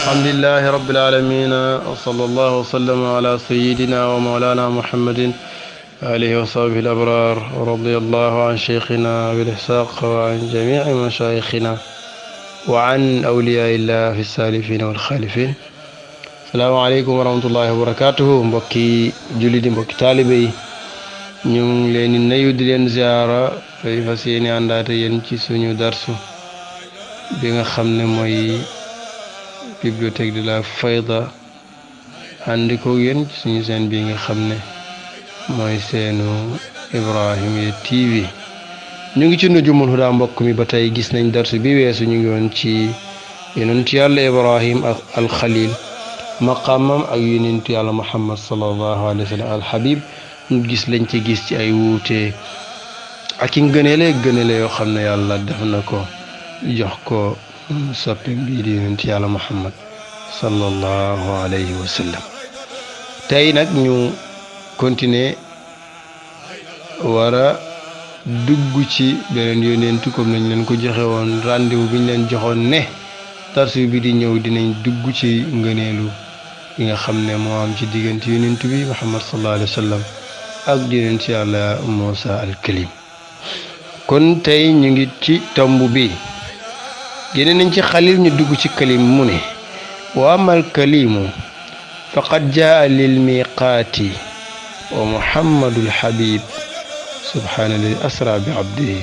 الحمد لله رب العالمين وصلى الله وسلم على سيدنا ومولانا محمد عليه وصحبه الأبرار ورضي الله عن شيخنا بالإحساق وعن جميع مشايخنا وعن أولياء الله في السالفين والخالفين السلام عليكم ورحمة الله وبركاته مبكي جلد مبكي طالبي ñu leen di nuyu di leen ziara tey fas yéene àndaate yéen ci suñu darsu bi nga xam ne mooy bibliothèque de la fayda àndi ko yéen suñu seen bi nga xam ne mooy seenu Ibrahimiya TV ñu ngi ci nujumul hudaa mbokk mi ba tey gis nañ darsu bi weesu ñu ngi woon ci yonentu yàlla Ibrahim ak alxalil maqaamam ak yonentu yàlla Muhammad sallallahu alayhi wa sallam alxabib gis lañ ci gis ci ay wuute ak i ngëneele gëneele yoo xam ne yàlla def na ko jox ko soppi bii di yonent yàlla muhammad sallallahu alayhi wa sallam tey nag ñu continuer war dugg ci beneen yonentu comme nañ leen ko joxe woon rendez-vous bi ñu leen joxoon ne tarsu bi di ñëw dinañ dugg ci ngëneelu ki nga xam ne moo am ci diggante yonentu bi muhammad sallallahu alayhi wa sallam ak di leen ci yàlla Moussa al Kalim kon tey ñu ngi ci tomb bi génne nañ ci xalil ñu dugg ci kalim mu ne wa amal kalimu faqad jaa lil miqaati wa muhammadul habib subhaana alladi asra bi abdihi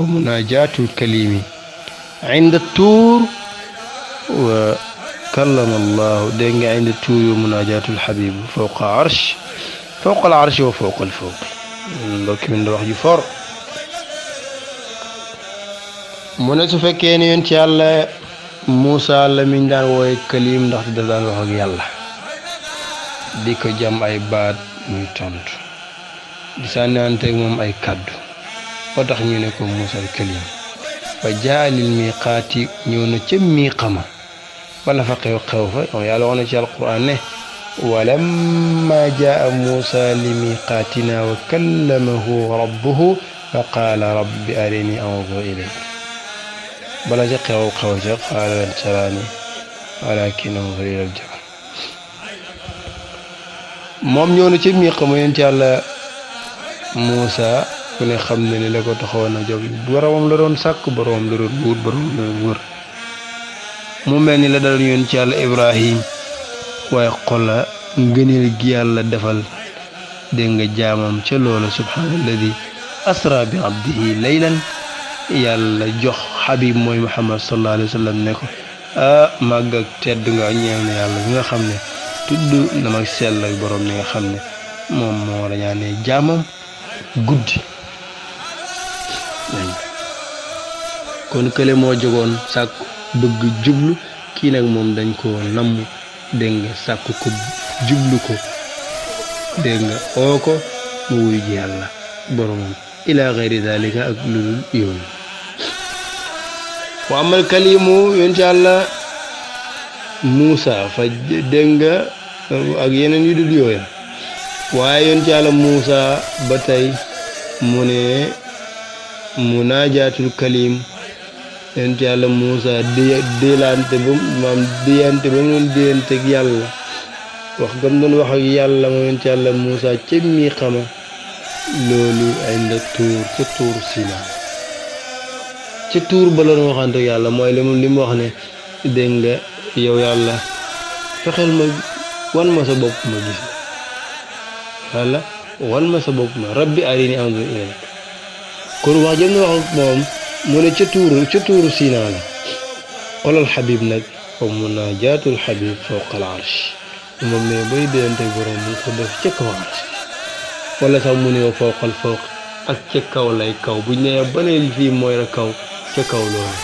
wa munajaatul kalimi inda tuur wa kallama allahu dégg nga inda tuur wa munajaatul habib fawqa arsh fawqal arshi wa fawqal fawqi mbokk mi wax ju for mu ne su fekkee ni yoon ci yàlla Moussa la miñ daan wooye kalim ndax daf daan wax ak yàlla di ko jam ay baat muy tontu di sànnianteeg moom ay kàddu ba ñu ne ko Moussa kalim fa jaalil miiqaati ñëw na ca miiqama wala fa xew xew fa yàlla wax na ci alquran ne ولما جاء موسى لميقاتنا وكلمه ربه فقال رب أرني أنظر إليك بلا جق أو قوجا قال لن تراني ولكن انظر إلى الجبل موم نيونو تي ميق مو ينت موسى كون خمن ني تخونا جوب بروم لا دون ساك بروم بور بروم لا وور مو ملني لا دون ينت ابراهيم waaye xola ngëneel gi yàlla defal dégg nga jaamam ca loola subhaana alladi asra bi abdihi laylan yàlla jox xabib mooy muhammad sallallahu alayhi wa sallam ne ko ah màgg ak tedd nga ñeel nga xam ne tudd na mag sell ak borom nga xam ne moom moo rañaane jaamam guddi kon kële moo jogoon sàkk bëgg jublu kii nag moom dañ ko namm dégg nga sàkku ko jublu ko dégg nga oo ko mu wuyu ji yàlla boromam ila xayri dalika ak lu dul yooyu waaye yoon ci yàlla Muusa ba tey mu ne munaajatul kalim yonent yàlla Moussa di dilante ba maam diyante ba mu doon ak yàlla wax gam doon wax ak yàlla moom yonent yàlla Moussa ca mi xama loolu ay nda tuur ca yàlla mooy li mu wax ne dégg nga yow yàlla fexeel ma wan ma sa bopp ma gis yàlla wan ma sa bopp ma rabbi arini anzur ilayk kon wax jëm na wax moom mu ne ca tuuru ca tuuru Sinaa nag fa munajaatul Habib fawqal arsh moom mais bay déante borom mu ko def ca kaw arsh wala sax mu ne fawqal fawq ak ca kaw lay kaw bu ñëwee ba ne fii mooy la kaw ca kaw loolu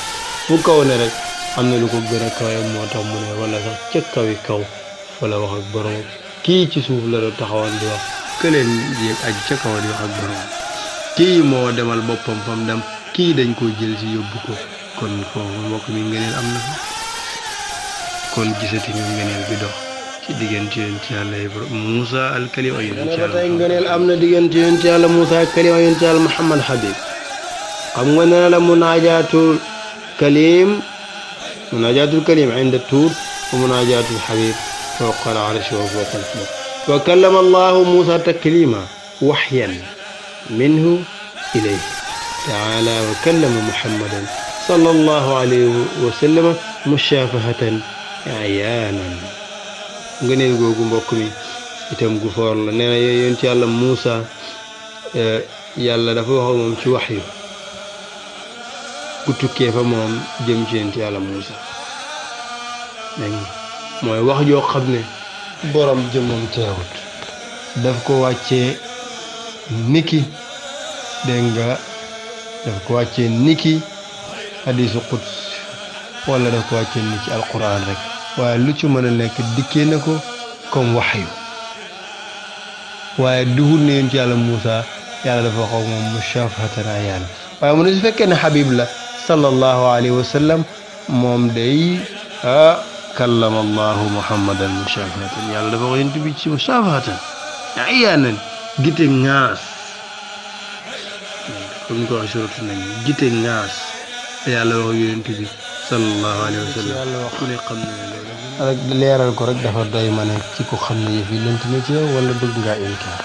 bu kaw ne rek am na lu ko gën moo tax mu wala sax ca kawi kaw wala wax ak borom kii ci suuf la doon taxawoon di wax këleen yéeg aj ca kaw di wax ak borom kii moo demal boppam fam dem. ki dañ ko jël ci yóbbu ko kon foofu mbokk mi ngeneel am na kon gisati ñu ngeneel bi dox ci diggante yonent yàlla Moussa al Kalim ak yonent yàlla ba tey ngeneel am na diggante yonent yàlla Moussa al Kalim ak yonent yàlla Mouhamad Habib xam nga nee na la munaajatul kalim munaajatul kalim inda tuur wa munaajatul Habib fawqa al arshi wa fawqa al fil wa kallama allahu Moussa taklima waxyan minhu ilayhi تعالى وكلم محمدا صلى الله عليه وسلم مشافهة عيانا googu mbokk mi itam gu foor la nee na yonent yàlla Muusa eh, yàlla dafa wax moom ci wax yu gu tukkee fa moom jëm ci yonent yàlla Muusa mooy wax joo xam ne borom jëmmam teewut daf ko wàccee niki dégg daf ko wàccee niki hadiisu quds wala daf ko wàccee niki alquran rek waaye lu ci mën a nekk dikkee na ko comme waxyu waaye duhul ne yonent yàlla Moussa yàlla dafa xaw moom mushafatan ayaan waaye mu ne su fekkee ne Habib la sallallahu alayhi wa sallam moom day ah kallama allahu muhammadan mushafatan yàlla dafa ko yonent bi ci mushafatan ayaanan gite ŋaas comme ni ko waxee suratu nañ gite ngaas yàlla wax yonent bi sallallahu alayhi wa sallam ku ne xam ne rek leeral ko rek dafa doy ma ne ci ko xam ne yëf na ci yow wala bëgg ngaa inkaar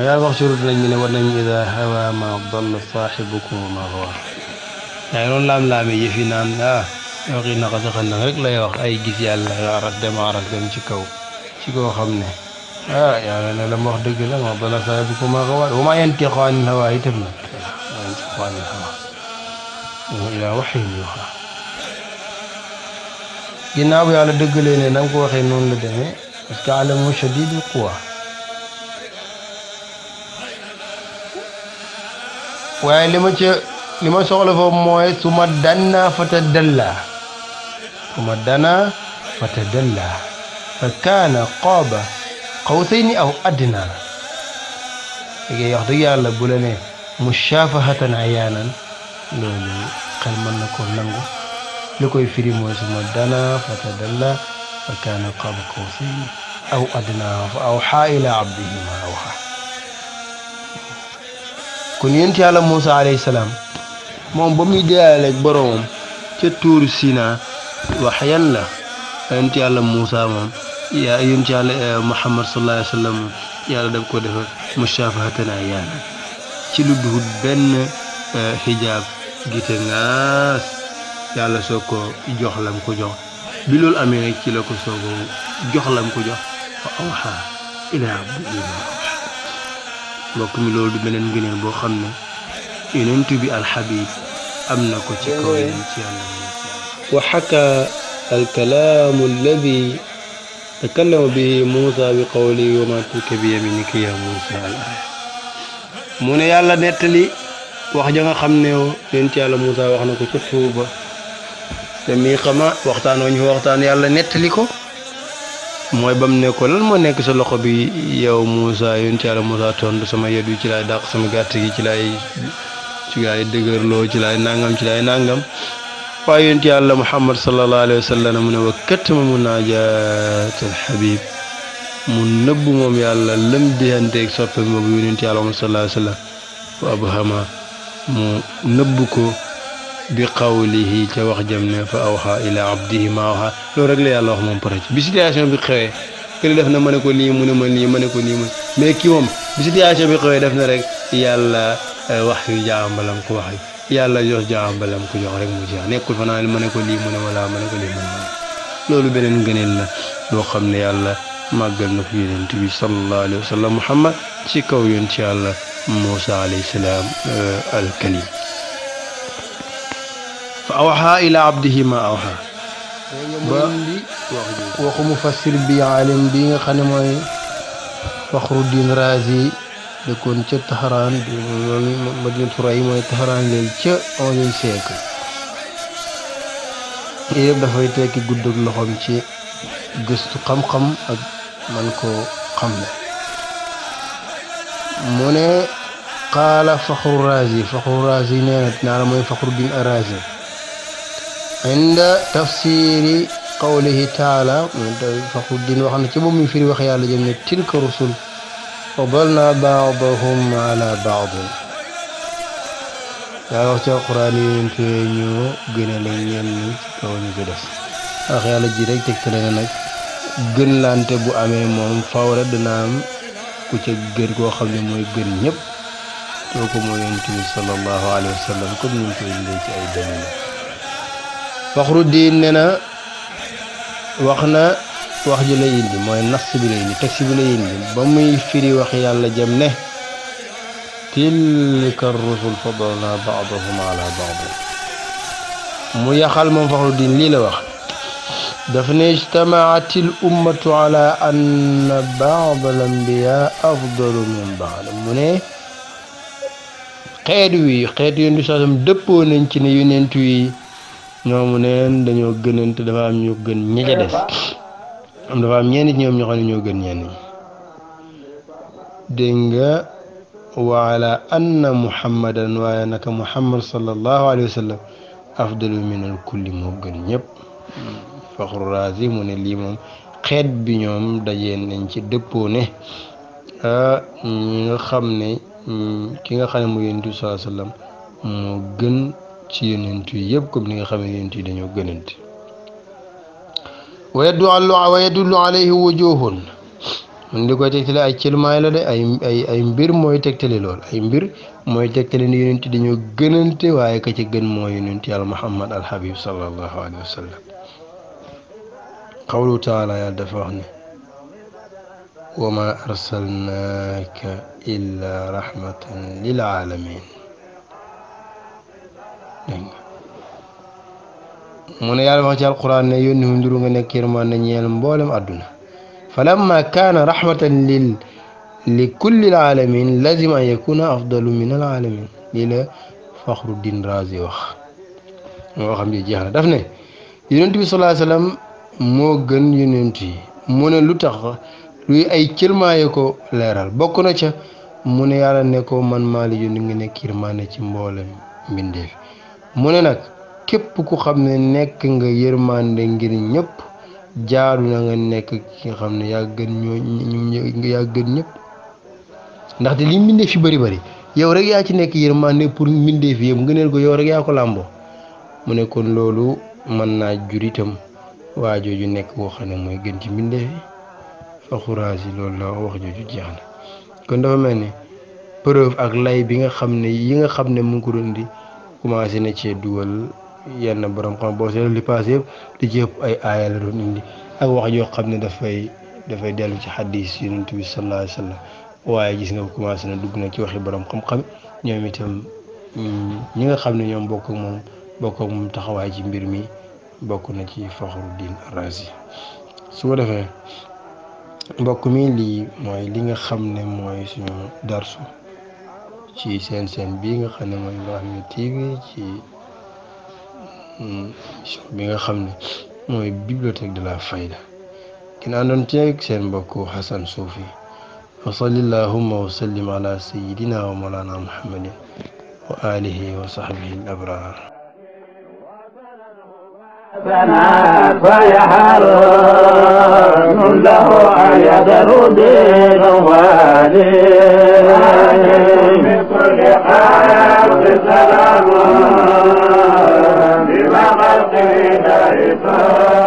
yàlla wax ne war nañ ida hawa ma dalla saaxibukum wa ma gawa yaa ngi doon laam-laame yëf yi naan ah waxi naxa saxa nag lay wax ay gis yàlla aras dem aras dem ci kaw ci koo xam ne ah yàlla ne la ma wax dëgg la ma bala saa bi ko maa ko waat wa maa yantiqu ani l-hawaa itam nag ma yantiqu ani l-hawaa in huwa illaa wahyun yuuhaa ginnaaw bu yàlla dëggalee ne na nga ko waxee noonu la demee parce que alamu shadiidul quwaa waaye li ma ca li ma soxla foofu mooy su ma danna fata dalla su ma danna fata dalla fa kaana qaaba قوتيني أو أدنى يغضي على بولاني مشافهة عيانا لولي قلمان نكون نمو لكو يفري موسى مدنا فتدلى فكان قاب قوسين أو أدنى فأوحى إلى عبده ما أوحى كن ينتي على موسى عليه السلام مون بومي ديالك بروم تي تور سينا وحيا الله ينتي على موسى مون yaa yonent yàlla Muhammad sallallahu alayhi wa sallam yàlla daf ko defal musaafahatan ayaanan ci lu duhut benn xijaab gite ngaas yàlla soo ko jox lam ko jox bi loolu amee rek ci la ko soo ko jox lam ko jox wa awxaa ilaa abdihi ma awxaa mbokk mi loolu du beneen ngëneel boo xam ne yonent bi alxabib am na ko ci kaw yonent yàlla wa xaka alkalaamu alladi takallama bi Muusa bi qawli wa maa tilka bi yamiinika yaa Muusa al aaya mu ne yàlla nettali wax ja nga xam ne yonent yàlla Muusa wax na ko ca Tuuba te mii xama waxtaan wañu waxtaan yàlla nettali ko mooy ba mu ne lan moo nekk sa loxo bi yow Muusa yonent yàlla Muusa tontu sama yet wi ci laay dàq sama gàtt gi ci laay ci laay dëgërloo ci lay nàngam ci laay nàngam وأنت يا الله محمد صلى الله عليه وسلم من وقت مناجاة الحبيب من نبو يا الله لم دهنتك سوف مبين أنت يا الله صلى الله عليه وسلم فأبهما من نبوك بقوله تواخ جمنا فأوحى إلى عبده ما أوحى لو رجل يا الله من برج بسيطة بخير كل دفنا من كل يوم من من يوم من كل يوم ما كيوم بسيطة عشان بخير دفنا رجل يا الله وحي جامبلام كوحي yàlla jox jaam balam ko jox rek mu jaa nekul fa naa mané ko li mu ne wala mané ko li mu ne loolu beneen gëneel la lo xamné yàlla magal na fi yonent bi sallallahu alaihi wasallam muhammad ci kaw yoon ci yàlla musa alayhi salam al alkalim fa awha ila abdihi ma awha ba waxu mufassir bi alim bi nga xam moy fakhruddin razi dëkkoon ca Taxaraan bi loolu Madinatu Ray mooy Taxaraan léegi ca onzième siècle yëpp dafay tekki guddug loxoom ci gëstu xam-xam ak man ko xam ne mu ne qaala faxru razi faxru razi nee na naa la mooy faxru din arazi inda tafsiri qawlihi taala faxru din wax na ci moom mi firi wax yàlla jëm ne tilka rusul faddalna wax ci alquraan yi ñun tuye ñu gën a la ñenn ci kaw ñu ko def ndax yàlla ji rek teg tëre na nag gën lante bu amee moom faw rek dina am ku ca gën koo xam ne mooy gën ñëpp kooku mooy yonent bi sallallahu alayhi wa sallam comme ñu koy indee ci ay dalil Faxru diin nee na wax na wax ji la indi mooy nas bi la indi texte bi la indi ba muy firi wax yàlla jëm ne tilka rusul fadalna baadahum ala baad mu yaxal moom faxlu din lii la wax daf ne ijtamaat il ummatu ala ann baad al ambiya afdalu min baad mu ne xeet wi xeet yonent bi saasam dëppoo nañ ci ne yonent yi ñoomu neen dañoo gënante dafa am ñu gën ñi ca des am dafa am ñenn ñoom ñoo xam ne ñoo gën ñenn ñi dégg nga wa ala anna muhammadan waaye naka muhammad sallallahu alayhi wa sallam afdalu min al kulli moo gën ñëpp faxru raasi mu ne lii moom xeet bi ñoom dajee nañ ci dëppoo ne ñi nga xam ne ki nga xam ne mu yonentu sallallahu alayhi wa sallam moo gën ci yonentu yëpp comme ni nga xam ne yonentu yi dañoo gënante wa yadullu wa yadullu alayhi wujuhun mun li koy ay cëlmaay la ay mbir mooy tegtale lool ay mbir mooy tegtale ni yonent dañoo gënante waaye ka ci gën mooy yonent yàlla muhammad alhabib sallallahu alayhi wa sallam qawlu wa ma arsalnaaka illa rahmatan lil mu ne yàlla wax ci alquran ne yónni hum nduru nga nekk yërmaan na ñeel mboolem àdduna falamma kaana rahmatan lil li kulli alamin lazima an yakuna afdalu min al alamin lii la faxruddin razi wax moo xam ji jeex na daf ne yonent bi salaa sallam moo gën yonent yi mu ne lu tax luy ay cërmaaye ko leeral bokk na ca mu ne yàlla ne ko man maa la yónni nga nekk yërmaane ci mboolem mbindeef mu ne nag képp ku xam ne nekk nga yërmande ngir ñëpp jaaru na nga nekk ki nga xam ne yaa gën ñoo ñu ñëpp ndaxte li mbindeef yi bëri bari yow rek yaa ci nekk yërmande pour mbindeef yëpp ngëneel ko yow rek yaa ko làmboo mu ne kon loolu mën naa jur itam waa jooju nekk koo xam ne mooy gën ci mbindeef yi fa xuraas yi loolu la wax jooju jeex na kon dafa mel ni preuve ak lay bi nga xam ne yi nga xam ne mu ngi ko doon di commencé na cee dugal yenn borom xam boo seetlu li paase yëpp li ci ëpp ay aaya la doon indi ak wax yoo xam ne dafay dafay dellu ci xaddis yonent bi sallallahu alayhi wa sallam waaye gis nga commencé na dugg na ci waxi borom xam-xam ñoom itam ñi nga xam ne ñoom bokk ak moom bokk ak taxawaay ci mbir mi bokk na ci Faxruddin Razi su ko defee mbokk mi lii mooy li nga xam ne mooy suñu darsu ci seen seen bii nga xam ne mooy TV bi nga xam ne mooy bibliothèque de la fayda kin àndoon ceeg seen mbokku Hassan Soufi wa salli llahumma wa sallim ala sayidina wa mawlana muhammadin wa alihi wa sahbihi al abrar فيحرم له أن يدر دين والي بكل حال سلام Amen.